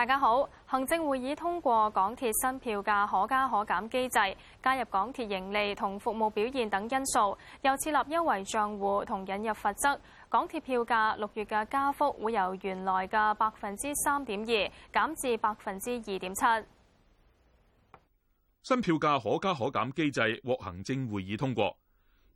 大家好，行政會議通過港鐵新票價可加可減機制，加入港鐵盈利同服務表現等因素，又設立優惠賬戶同引入罰則，港鐵票價六月嘅加幅會由原來嘅百分之三點二減至百分之二點七。新票價可加可減機制獲行政會議通過，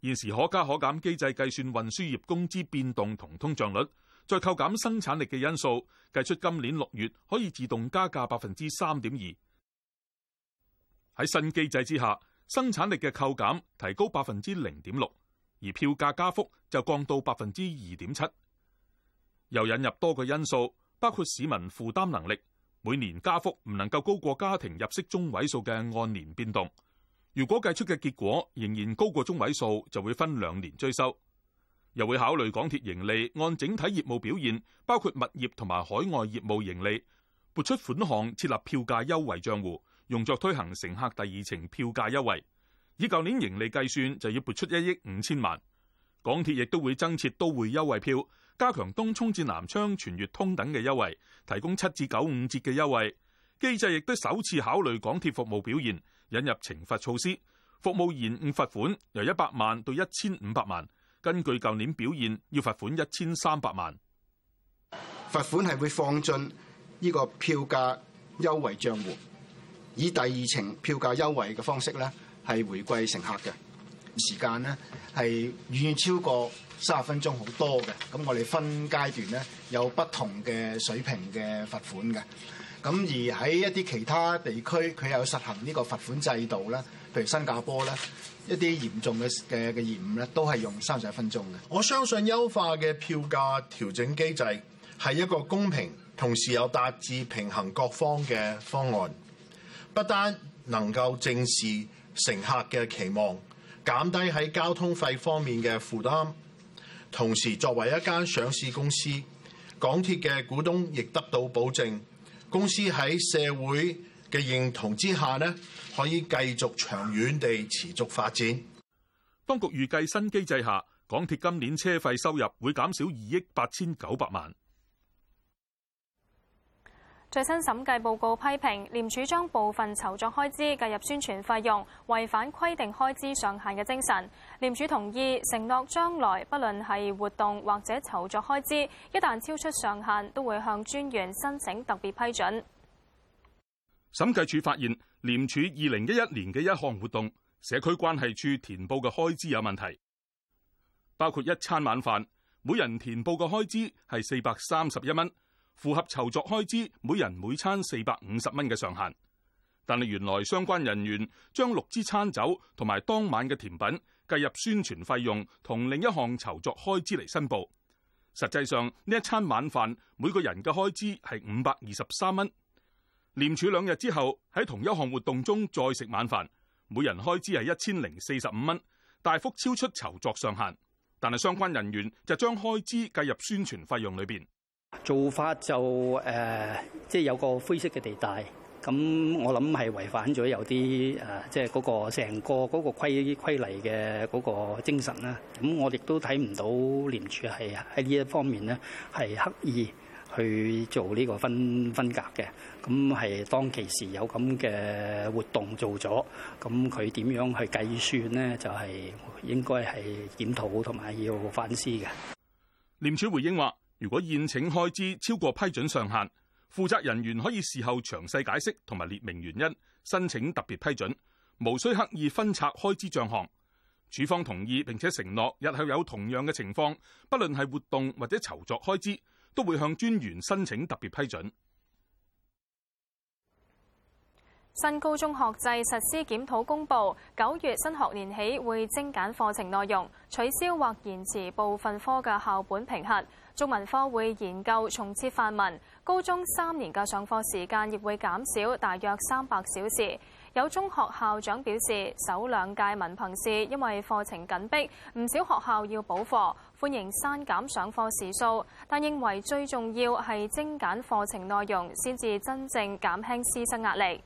現時可加可減機制計算運輸業工資變動同通脹率。再扣減生產力嘅因素，計出今年六月可以自動加價百分之三點二。喺新機制之下，生產力嘅扣減提高百分之零點六，而票價加幅就降到百分之二點七。又引入多個因素，包括市民負擔能力，每年加幅唔能夠高過家庭入息中位數嘅按年變動。如果計出嘅結果仍然高過中位數，就會分兩年追收。又會考慮港鐵盈利，按整體業務表現，包括物業同埋海外業務盈利撥出款項，設立票價優惠帳戶，用作推行乘客第二程票價優惠。以舊年盈利計算，就要撥出一億五千萬。港鐵亦都會增設都會優惠票，加強東涌至南昌、全月通等嘅優惠，提供七至九五折嘅優惠。機制亦都首次考慮港鐵服務表現，引入懲罰措施，服務延誤罰款由一百萬到一千五百萬。根據舊年表現，要罰款一千三百萬。罰款係會放進呢個票價優惠帳戶，以第二程票價優惠嘅方式咧，係回歸乘客嘅時間咧，係遠遠超過三十分鐘好多嘅。咁我哋分階段咧有不同嘅水平嘅罰款嘅。咁而喺一啲其他地區，佢有實行呢個罰款制度咧。譬如新加坡咧，一啲嚴重嘅嘅嘅業務咧，都係用三十一分鐘嘅。我相信優化嘅票價調整機制係一個公平，同時有達致平衡各方嘅方案，不單能夠正視乘客嘅期望，減低喺交通費方面嘅負擔，同時作為一間上市公司，港鐵嘅股東亦得到保證。公司喺社會嘅認同之下呢。可以繼續長遠地持續發展。當局預計新機制下，港鐵今年車費收入會減少二億八千九百萬。最新審計報告批評廉署將部分酬酢開支計入宣傳費用，違反規定開支上限嘅精神。廉署同意承諾，將來不論係活動或者酬酢開支，一旦超出上限，都會向專員申請特別批准。審計署發現。廉署二零一一年嘅一項活動，社區關係處填報嘅開支有問題，包括一餐晚飯，每人填報嘅開支係四百三十一蚊，符合酬酢開支每人每餐四百五十蚊嘅上限。但係原來相關人員將六支餐酒同埋當晚嘅甜品計入宣傳費用同另一項酬酢開支嚟申報，實際上呢一餐晚飯每個人嘅開支係五百二十三蚊。廉署兩日之後喺同一項活動中再食晚飯，每人開支係一千零四十五蚊，大幅超出酬酢上限。但係相關人員就將開支計入宣傳費用裏邊，做法就誒、即、呃、係、就是、有個灰色嘅地帶。咁我諗係違反咗有啲誒，即係嗰個成個嗰個規規例嘅嗰個精神啦。咁我亦都睇唔到廉署係喺呢一方面呢，係刻意去做呢個分分隔嘅，咁係當其時有咁嘅活動做咗，咁佢點樣去計算咧？就係、是、應該，係檢討同埋要反思嘅。廉署回應話，如果宴請開支超過批准上限，負責人員可以事後詳細解釋同埋列明原因，申請特別批准，無需刻意分拆開支賬項，署方同意並且承諾日後有同樣嘅情況，不論係活動或者籌作開支，都會向專員申請特別批准。新高中學制實施檢討公佈，九月新學年起會精簡課程內容，取消或延遲部分科嘅校本評核。中文科會研究重設範文。高中三年嘅上課時間亦會減少，大約三百小時。有中學校長表示，首兩屆文憑試因為課程緊迫，唔少學校要補課，歡迎刪減上課時數，但認為最重要係精簡課程內容，先至真正減輕師生壓力。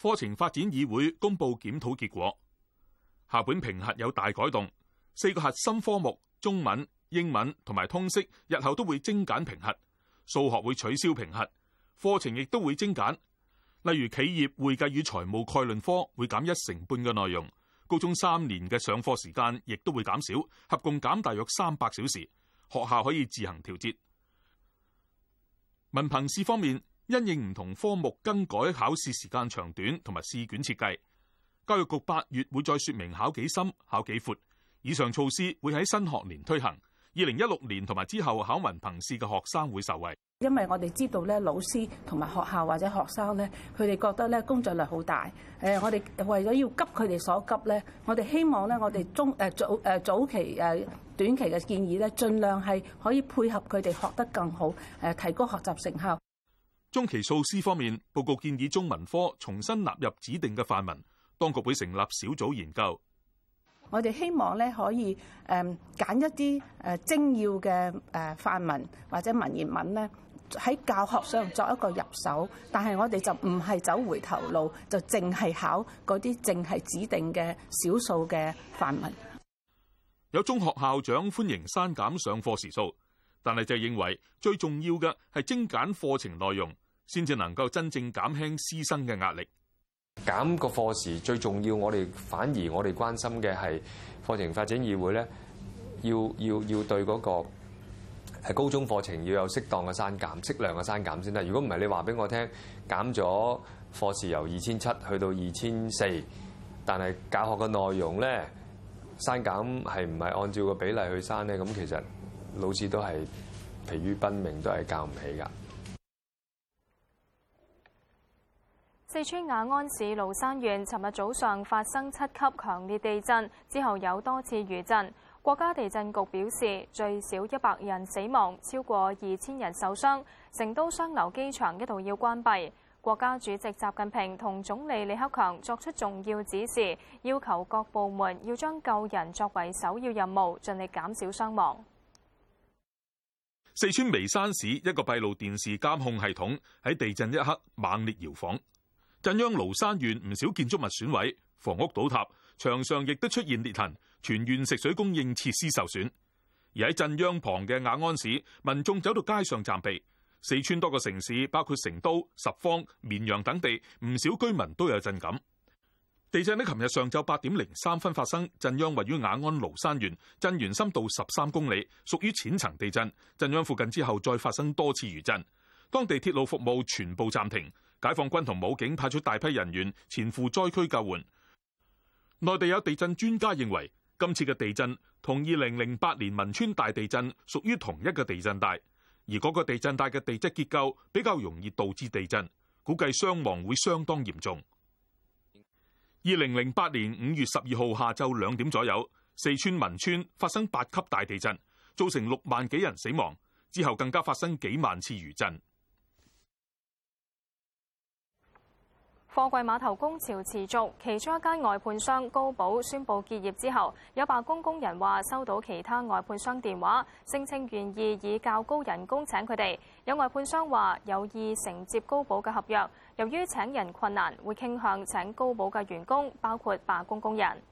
課程發展議會公布檢討結果，下本評核有大改動，四個核心科目中文、英文同埋通識，日後都會精簡評核，數學會取消評核。課程亦都會精簡，例如企業會計與財務概論科會減一成半嘅內容，高中三年嘅上課時間亦都會減少，合共減大約三百小時。學校可以自行調節。文憑試方面，因應唔同科目更改考試時間長短同埋試卷設計，教育局八月會再說明考幾深、考幾闊。以上措施會喺新學年推行，二零一六年同埋之後考文憑試嘅學生會受惠。因為我哋知道咧，老師同埋學校或者學生咧，佢哋覺得咧，工作量好大。誒，我哋為咗要急佢哋所急咧，我哋希望咧，我哋中誒早誒早期誒短期嘅建議咧，盡量係可以配合佢哋學得更好，誒提高學習成效。中期措施方面，報告建議中文科重新納入指定嘅範文，當局會成立小組研究。我哋希望咧可以誒揀一啲誒精要嘅誒範文或者文言文咧。喺教學上作一個入手，但係我哋就唔係走回頭路，就淨係考嗰啲淨係指定嘅少數嘅範文。有中學校長歡迎刪減上課時數，但係就認為最重要嘅係精簡課程內容，先至能夠真正減輕師生嘅壓力。減個課時最重要我，我哋反而我哋關心嘅係課程發展議會咧，要要要對嗰個。係高中課程要有適當嘅刪減，適量嘅刪減先得。如果唔係，你話俾我聽減咗課時由二千七去到二千四，但係教學嘅內容咧刪減係唔係按照個比例去刪咧？咁其實老師都係疲於奔命，都係教唔起㗎。四川雅安市蘆山縣尋日早上發生七級強烈地震之後有多次餘震。國家地震局表示，最少一百人死亡，超過二千人受傷。成都雙流機場一度要關閉。國家主席習近平同總理李克強作出重要指示，要求各部門要將救人作為首要任務，盡力減少傷亡。四川眉山市一個閉路電視監控系統喺地震一刻猛烈搖晃，震央蘆山縣唔少建築物損毀，房屋倒塌，牆上亦都出現裂痕。全縣食水供應設施受損，而喺震央旁嘅雅安市，民眾走到街上暫避。四川多個城市，包括成都、十方、綿陽等地，唔少居民都有震感。地震喺琴日上晝八點零三分發生，震央位於雅安蘆山縣，震源深度十三公里，屬於淺層地震。震央附近之後再發生多次餘震，當地鐵路服務全部暫停，解放軍同武警派出大批人員前赴災區救援。內地有地震專家認為，今次嘅地震同二零零八年汶川大地震屬於同一個地震帶，而嗰個地震帶嘅地質結構比較容易導致地震，估計傷亡會相當嚴重。二零零八年五月十二號下晝兩點左右，四川汶川發生八級大地震，造成六萬幾人死亡，之後更加發生幾萬次餘震。貨櫃碼頭工潮持續，其中一間外判商高寶宣布結業之後，有罷工工人話收到其他外判商電話，聲稱願意以較高人工請佢哋。有外判商話有意承接高寶嘅合約，由於請人困難，會傾向請高寶嘅員工，包括罷工工人。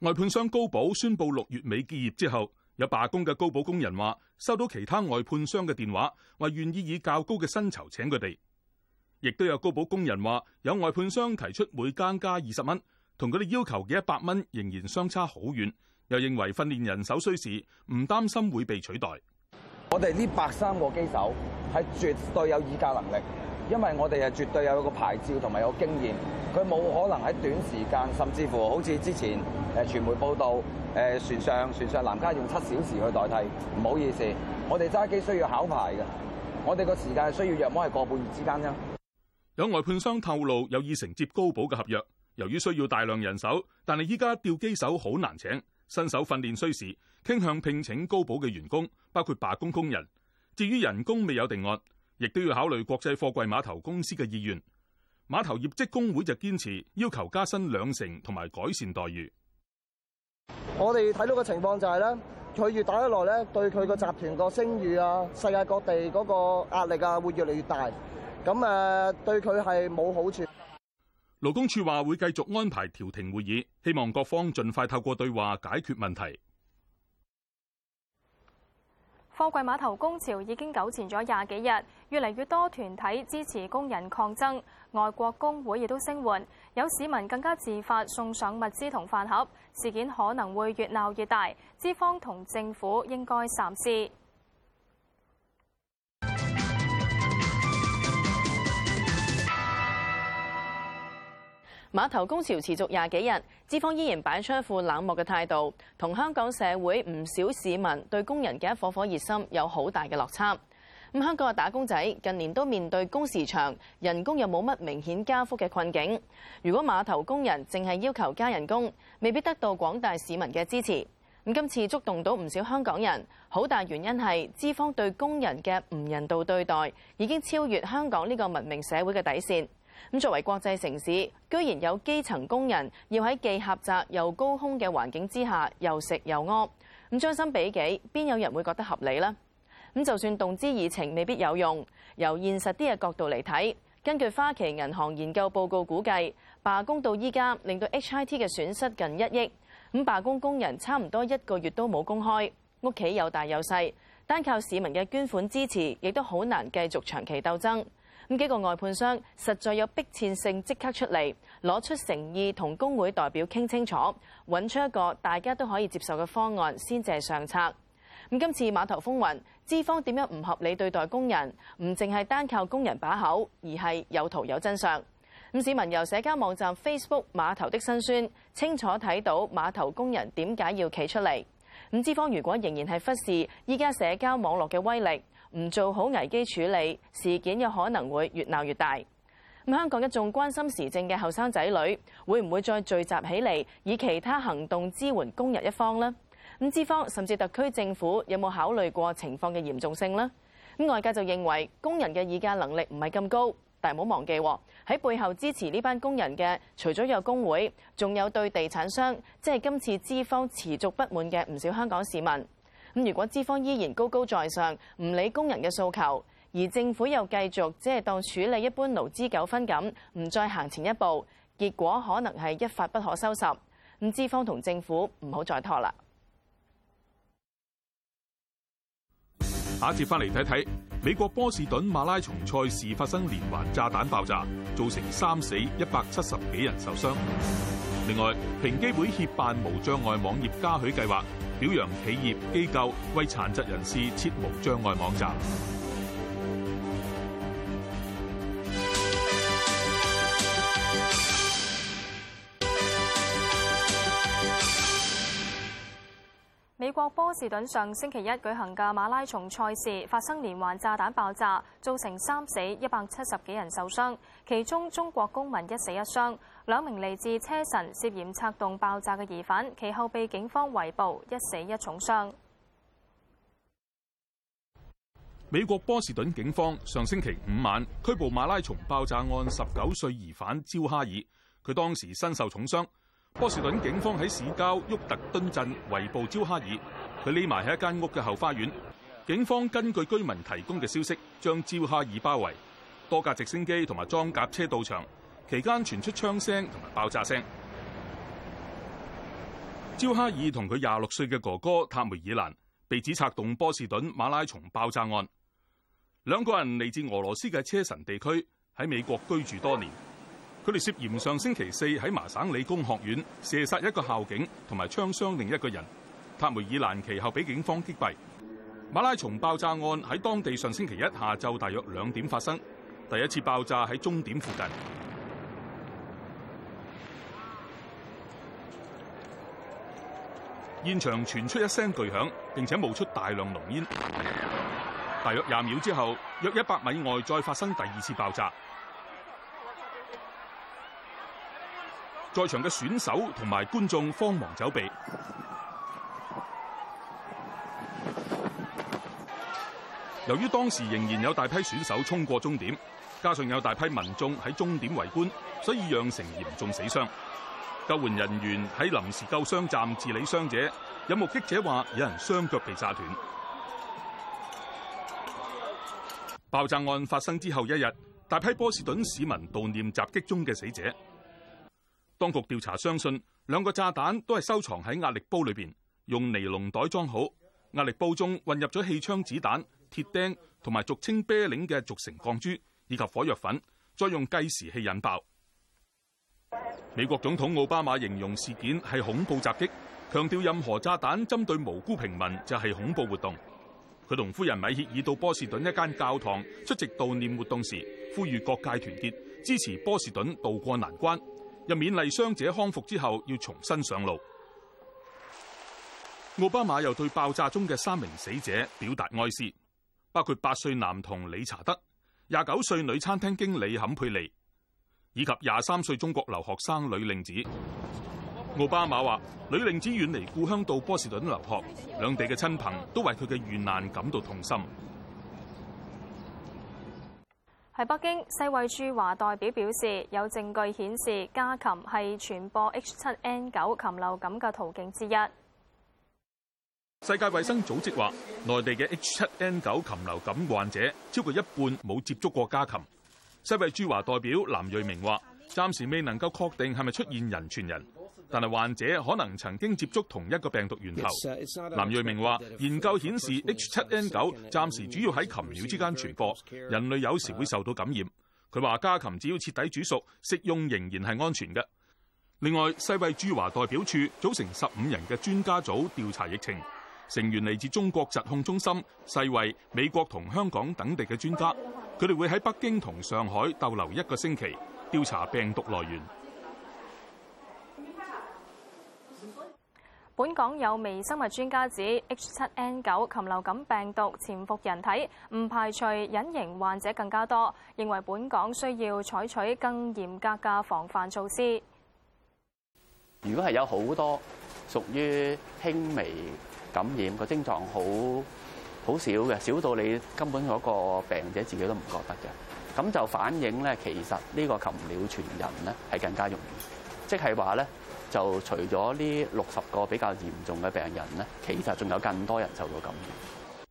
外判商高寶宣布六月尾結業之後，有罷工嘅高寶工人話收到其他外判商嘅電話，話願意以較高嘅薪酬請佢哋。亦都有高保工人話，有外判商提出每間加二十蚊，同佢哋要求嘅一百蚊仍然相差好遠。又認為訓練人手需時，唔擔心會被取代。我哋呢百三個機手係絕對有議價能力，因為我哋係絕對有個牌照同埋有經驗，佢冇可能喺短時間，甚至乎好似之前誒傳媒報道誒，船上船上男家用七小時去代替。唔好意思，我哋揸機需要考牌嘅，我哋個時間需要約莫係個半月之間啫。有外判商透露有意承接高寶嘅合約，由於需要大量人手，但係依家吊機手好難請，新手訓練需時，傾向聘請高寶嘅員工，包括罷工工人。至於人工未有定案，亦都要考慮國際貨櫃碼頭公司嘅意願。碼頭業職工會就堅持要求加薪兩成同埋改善待遇。我哋睇到嘅情況就係咧，佢越打得耐咧，對佢個集團個聲譽啊，世界各地嗰個壓力啊，會越嚟越大。咁誒，對佢係冇好處。勞工處話會繼續安排調停會議，希望各方盡快透過對話解決問題。貨櫃碼頭工潮已經糾纏咗廿幾日，越嚟越多團體支持工人抗爭，外國工會亦都聲援，有市民更加自發送上物資同飯盒。事件可能會越鬧越大，資方同政府應該三思。碼頭工潮持續廿幾日，資方依然擺出一副冷漠嘅態度，同香港社會唔少市民對工人嘅一顆顆熱心有好大嘅落差。咁、嗯、香港嘅打工仔近年都面對工時長、人工又冇乜明顯加幅嘅困境。如果碼頭工人淨係要求加人工，未必得到廣大市民嘅支持。咁、嗯、今次觸動到唔少香港人，好大原因係資方對工人嘅唔人道對待已經超越香港呢個文明社會嘅底線。咁作為國際城市，居然有基層工人要喺既狹窄又高空嘅環境之下，又食又屙。咁將心比己，邊有人會覺得合理呢？咁就算動之以情，未必有用。由現實啲嘅角度嚟睇，根據花旗銀行研究報告估計，罷工到依家令到 HIT 嘅損失近一億。咁罷工工人差唔多一個月都冇工開，屋企有大有細，單靠市民嘅捐款支持，亦都好難繼續長期鬥爭。咁幾個外判商實在有迫切性，即刻出嚟攞出誠意，同工會代表傾清楚，揾出一個大家都可以接受嘅方案先，借上策。咁今次碼頭風雲，資方點樣唔合理對待工人，唔淨係單靠工人把口，而係有圖有真相。咁市民由社交網站 Facebook 碼頭的辛酸清楚睇到碼頭工人點解要企出嚟。咁資方如果仍然係忽視依家社交網絡嘅威力。唔做好危機處理，事件有可能會越鬧越大。咁香港一眾關心時政嘅後生仔女，會唔會再聚集起嚟，以其他行動支援工人一方呢？咁資方甚至特區政府有冇考慮過情況嘅嚴重性呢？咁外界就認為工人嘅議價能力唔係咁高，但係唔好忘記喎，喺背後支持呢班工人嘅，除咗有工會，仲有對地產商，即係今次資方持續不滿嘅唔少香港市民。咁如果資方依然高高在上，唔理工人嘅訴求，而政府又繼續只係當處理一般勞資糾紛咁，唔再行前一步，結果可能係一發不可收拾。咁資方同政府唔好再拖啦。下一節翻嚟睇睇美國波士頓馬拉松賽事發生連環炸彈爆炸，造成三死一百七十幾人受傷。另外，平機會協辦無障礙網頁嘉許計劃。表揚企業機構為殘疾人士設無障礙網站。美國波士頓上星期一舉行嘅馬拉松賽事發生連環炸彈爆炸，造成三死一百七十幾人受傷，其中中國公民一死一傷。兩名嚟自車臣涉嫌策動爆炸嘅疑犯，其後被警方圍捕，一死一重傷。美國波士頓警方上星期五晚拘捕馬拉松爆炸案十九歲疑犯焦哈爾，佢當時身受重傷。波士頓警方喺市郊沃特敦鎮圍捕焦哈爾，佢匿埋喺一間屋嘅後花園。警方根據居民提供嘅消息，將焦哈爾包圍，多架直升機同埋裝甲車到場，期間傳出槍聲同埋爆炸聲。焦哈爾同佢廿六歲嘅哥哥塔梅爾蘭被指策動波士頓馬拉松爆炸案，兩個人嚟自俄羅斯嘅車臣地區，喺美國居住多年。佢哋涉嫌上星期四喺麻省理工學院射殺一個校警，同埋槍傷另一個人。塔梅爾蘭其後俾警方擊斃。馬拉松爆炸案喺當地上星期一下晝大約兩點發生，第一次爆炸喺終點附近，現場傳出一聲巨響，並且冒出大量濃煙。大約廿秒之後，約一百米外再發生第二次爆炸。在場嘅選手同埋觀眾慌忙走避。由於當時仍然有大批選手衝過終點，加上有大批民眾喺終點圍觀，所以釀成嚴重死傷。救援人員喺臨時救傷站治理傷者。有目擊者話，有人雙腳被炸斷。爆炸案發生之後一日，大批波士頓市民悼念襲擊中嘅死者。當局調查相信，兩個炸彈都係收藏喺壓力煲裏邊，用尼龍袋裝好。壓力煲中混入咗氣槍子彈、鐵釘同埋俗稱啤令嘅軸承鋼珠，以及火藥粉，再用計時器引爆。美國總統奧巴馬形容事件係恐怖襲擊，強調任何炸彈針，針對無辜平民就係恐怖活動。佢同夫人米歇爾到波士頓一間教堂出席悼念活動時，呼籲各界團結支持波士頓渡過難關。又勉勵傷者康復之後要重新上路。奧巴馬又對爆炸中嘅三名死者表達哀思，包括八歲男童理查德、廿九歲女餐廳經理坎佩利以及廿三歲中國留學生呂令子。奧巴馬話，呂令子遠離故鄉到波士頓留學，兩地嘅親朋都為佢嘅遇難感到痛心。喺北京，世衛駐華代表表示，有證據顯示家禽係傳播 H 七 N 九禽流感嘅途徑之一。世界衛生組織話，內地嘅 H 七 N 九禽流感患者超過一半冇接觸過家禽。世衛駐華代表藍瑞明話。暫時未能夠確定係咪出現人傳人，但係患者可能曾經接觸同一個病毒源頭。林瑞明話：研究顯示 H 七 N 九暫時主要喺禽鳥之間傳播，人類有時會受到感染。佢話：家禽只要徹底煮熟，食用仍然係安全嘅。另外，世衛駐華代表處組成十五人嘅專家組調查疫情，成員嚟自中國疾控中心、世衛、美國同香港等地嘅專家，佢哋會喺北京同上海逗留一個星期。調查病毒來源。本港有微生物專家指，H7N9 禽流感病毒潛伏人體，唔排除隱形患者更加多，認為本港需要採取更嚴格嘅防範措施。如果係有好多屬於輕微感染，個症狀好好少嘅，少到你根本嗰個病者自己都唔覺得嘅。咁就反映咧，其實呢個禽鳥傳人咧係更加容易，即係話咧，就除咗呢六十個比較嚴重嘅病人咧，其實仲有更多人受到感染。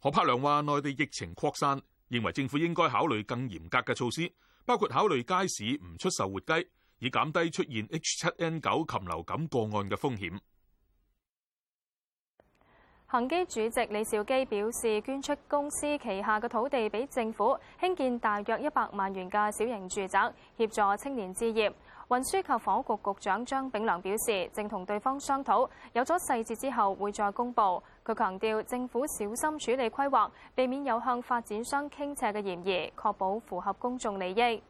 何栢良話：內地疫情擴散，認為政府應該考慮更嚴格嘅措施，包括考慮街市唔出售活雞，以減低出現 H7N9 禽流感個案嘅風險。恒基主席李兆基表示，捐出公司旗下嘅土地俾政府興建大約一百萬元嘅小型住宅，協助青年置業。運輸及房屋局局長張炳良表示，正同對方商討，有咗細節之後會再公布。佢強調政府小心處理規劃，避免有向發展商傾斜嘅嫌疑，確保符合公眾利益。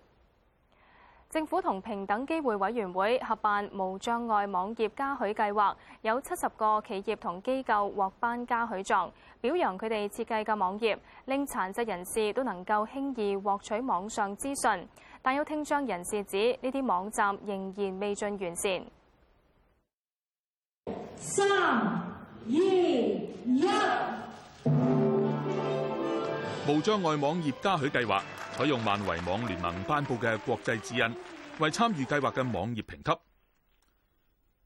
政府同平等機會委員會合辦無障礙網頁加許嘉許計劃，有七十個企業同機構獲頒嘉許狀，表揚佢哋設計嘅網頁，令殘疾人士都能夠輕易獲取網上資訊。但有聽障人士指，呢啲網站仍然未盡完善。三二一。無障礙網頁嘉許計劃採用萬維網聯盟頒布嘅國際指引，為參與計劃嘅網頁評級。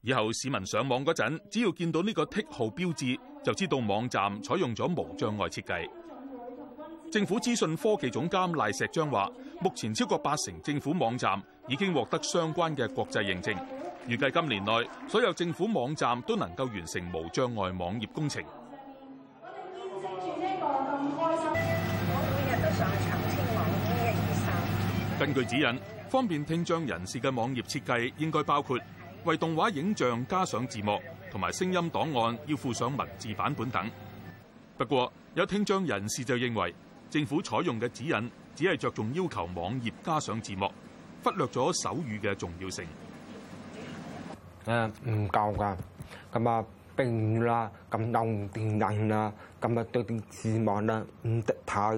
以後市民上網嗰陣，只要見到呢個剔號標誌，就知道網站採用咗無障礙設計。政府資訊科技總監賴石章話，目前超過八成政府網站已經獲得相關嘅國際認證，預計今年內所有政府網站都能夠完成無障礙網頁工程。根據指引，方便聽障人士嘅網頁設計應該包括為動畫影像加上字幕，同埋聲音檔案要附上文字版本等。不過，有聽障人士就認為政府採用嘅指引只係着重要求網頁加上字幕，忽略咗手語嘅重要性。誒、啊、唔夠㗎，咁啊並啦，咁唔啲人啦，咁啊對啲、啊、字幕啦、啊、唔得太。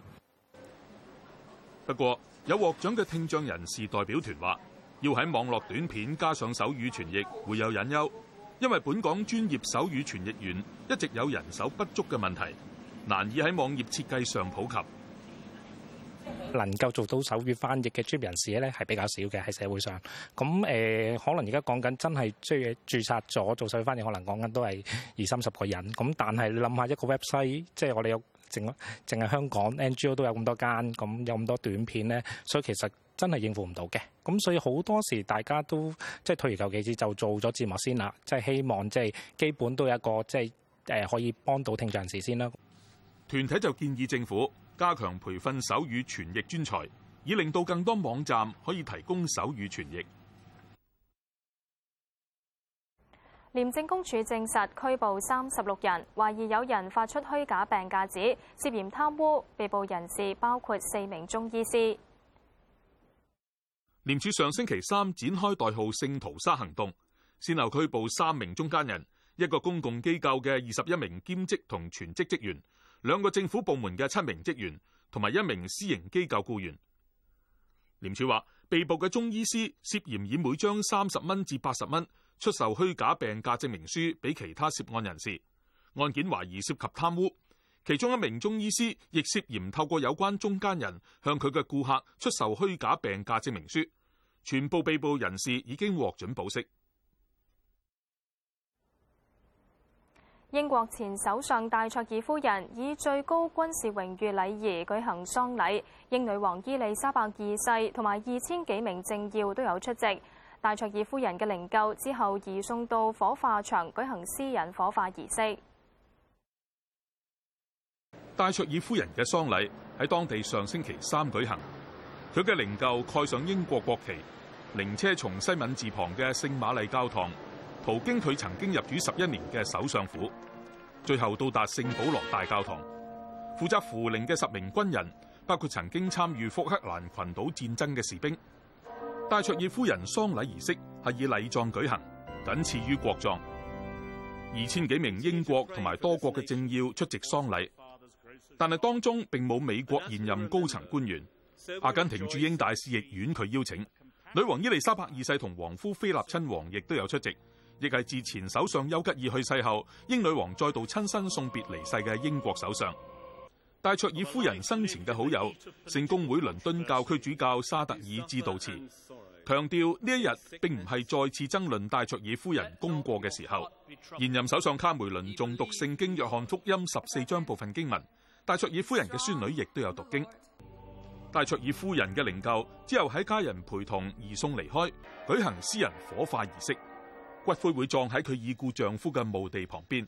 不過，有獲獎嘅聽障人士代表團話，要喺網絡短片加上手語傳譯會有隱憂，因為本港專業手語傳譯員一直有人手不足嘅問題，難以喺網頁設計上普及。能夠做到手語翻譯嘅專業人士咧，係比較少嘅喺社會上。咁誒、呃，可能而家講緊真係追註冊咗做手語翻譯，可能講緊都係二三十個人。咁但係你諗下一個 website，即係我哋有。淨淨係香港 NGO 都有咁多間，咁有咁多短片呢，所以其實真係應付唔到嘅。咁所以好多時大家都即係退而求其次，就做咗字幕先啦。即係希望即係基本都有一個即係誒可以幫到聽障人士先啦。團體就建議政府加強培訓手語傳譯專才，以令到更多網站可以提供手語傳譯。廉政公署證實拘捕三十六人，懷疑有人發出虛假病假紙，涉嫌貪污。被捕人士包括四名中醫師。廉署上星期三展開代號“聖淘沙”行動，先後拘捕三名中間人，一個公共機構嘅二十一名兼職同全職職員，兩個政府部門嘅七名職員，同埋一名私營機構僱員。廉署話，被捕嘅中醫師涉嫌以每張三十蚊至八十蚊。出售虛假病假證明書俾其他涉案人士，案件懷疑涉及貪污。其中一名中醫師亦涉嫌透過有關中間人向佢嘅顧客出售虛假病假證明書。全部被捕人士已經獲准保釋。英國前首相戴卓爾夫人以最高軍事榮譽禮儀舉行喪禮，英女王伊麗莎白二世同埋二千幾名政要都有出席。戴卓爾夫人嘅靈柩之後移送到火化場舉行私人火化儀式。戴卓爾夫人嘅喪禮喺當地上星期三舉行，佢嘅靈柩蓋上英國國旗，靈車從西敏寺旁嘅聖瑪麗教堂，途經佢曾經入主十一年嘅首相府，最後到達聖保羅大教堂。負責扶靈嘅十名軍人，包括曾經參與福克蘭群島戰爭嘅士兵。戴卓爾夫人喪禮儀式係以禮葬舉行，僅次於國葬。二千幾名英國同埋多國嘅政要出席喪禮，但係當中並冇美國現任高層官員。阿根廷駐英大使亦婉拒邀請。女王伊麗莎白二世同皇夫菲立親王亦都有出席，亦係自前首相丘吉爾去世後，英女王再度親身送別離世嘅英國首相。戴卓爾夫人生前嘅好友，聖公會倫敦教區主教沙特爾致悼詞，強調呢一日並唔係再次爭論戴卓爾夫人功過嘅時候。現任首相卡梅倫誦讀聖經約翰福音十四章部分經文，戴卓爾夫人嘅孫女亦都有讀經。戴卓爾夫人嘅靈柩之後喺家人陪同移送離開，舉行私人火化儀式，骨灰會葬喺佢已故丈夫嘅墓地旁邊。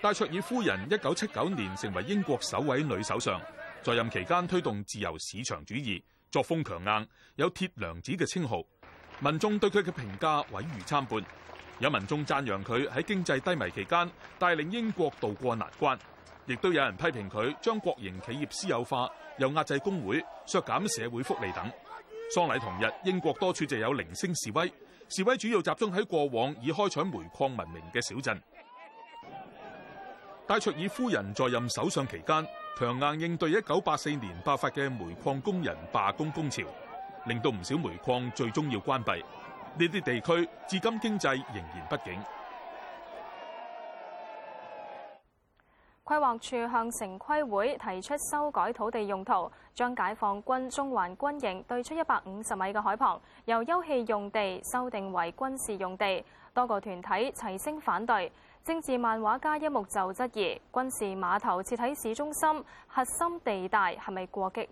戴卓爾夫人一九七九年成為英國首位女首相，在任期間推動自由市場主義，作風強硬，有鐵娘子嘅稱號。民眾對佢嘅評價毀譽參半，有民眾讚揚佢喺經濟低迷期間帶領英國渡過難關，亦都有人批評佢將國營企業私有化，又壓制工會、削減社會福利等。喪禮同日，英國多處就有零星示威，示威主要集中喺過往以開採煤礦聞名嘅小鎮。戴卓爾夫人在任首相期間，強硬應對一九八四年爆發嘅煤礦工人罷工工潮，令到唔少煤礦最終要關閉。呢啲地區至今經濟仍然不景。規劃處向城規會提出修改土地用途，將解放軍中環軍營對出一百五十米嘅海旁，由休憩用地修訂為軍事用地。多個團體齊聲反對，政治漫畫家一目就質疑軍事碼頭設喺市中心核心地帶係咪過激？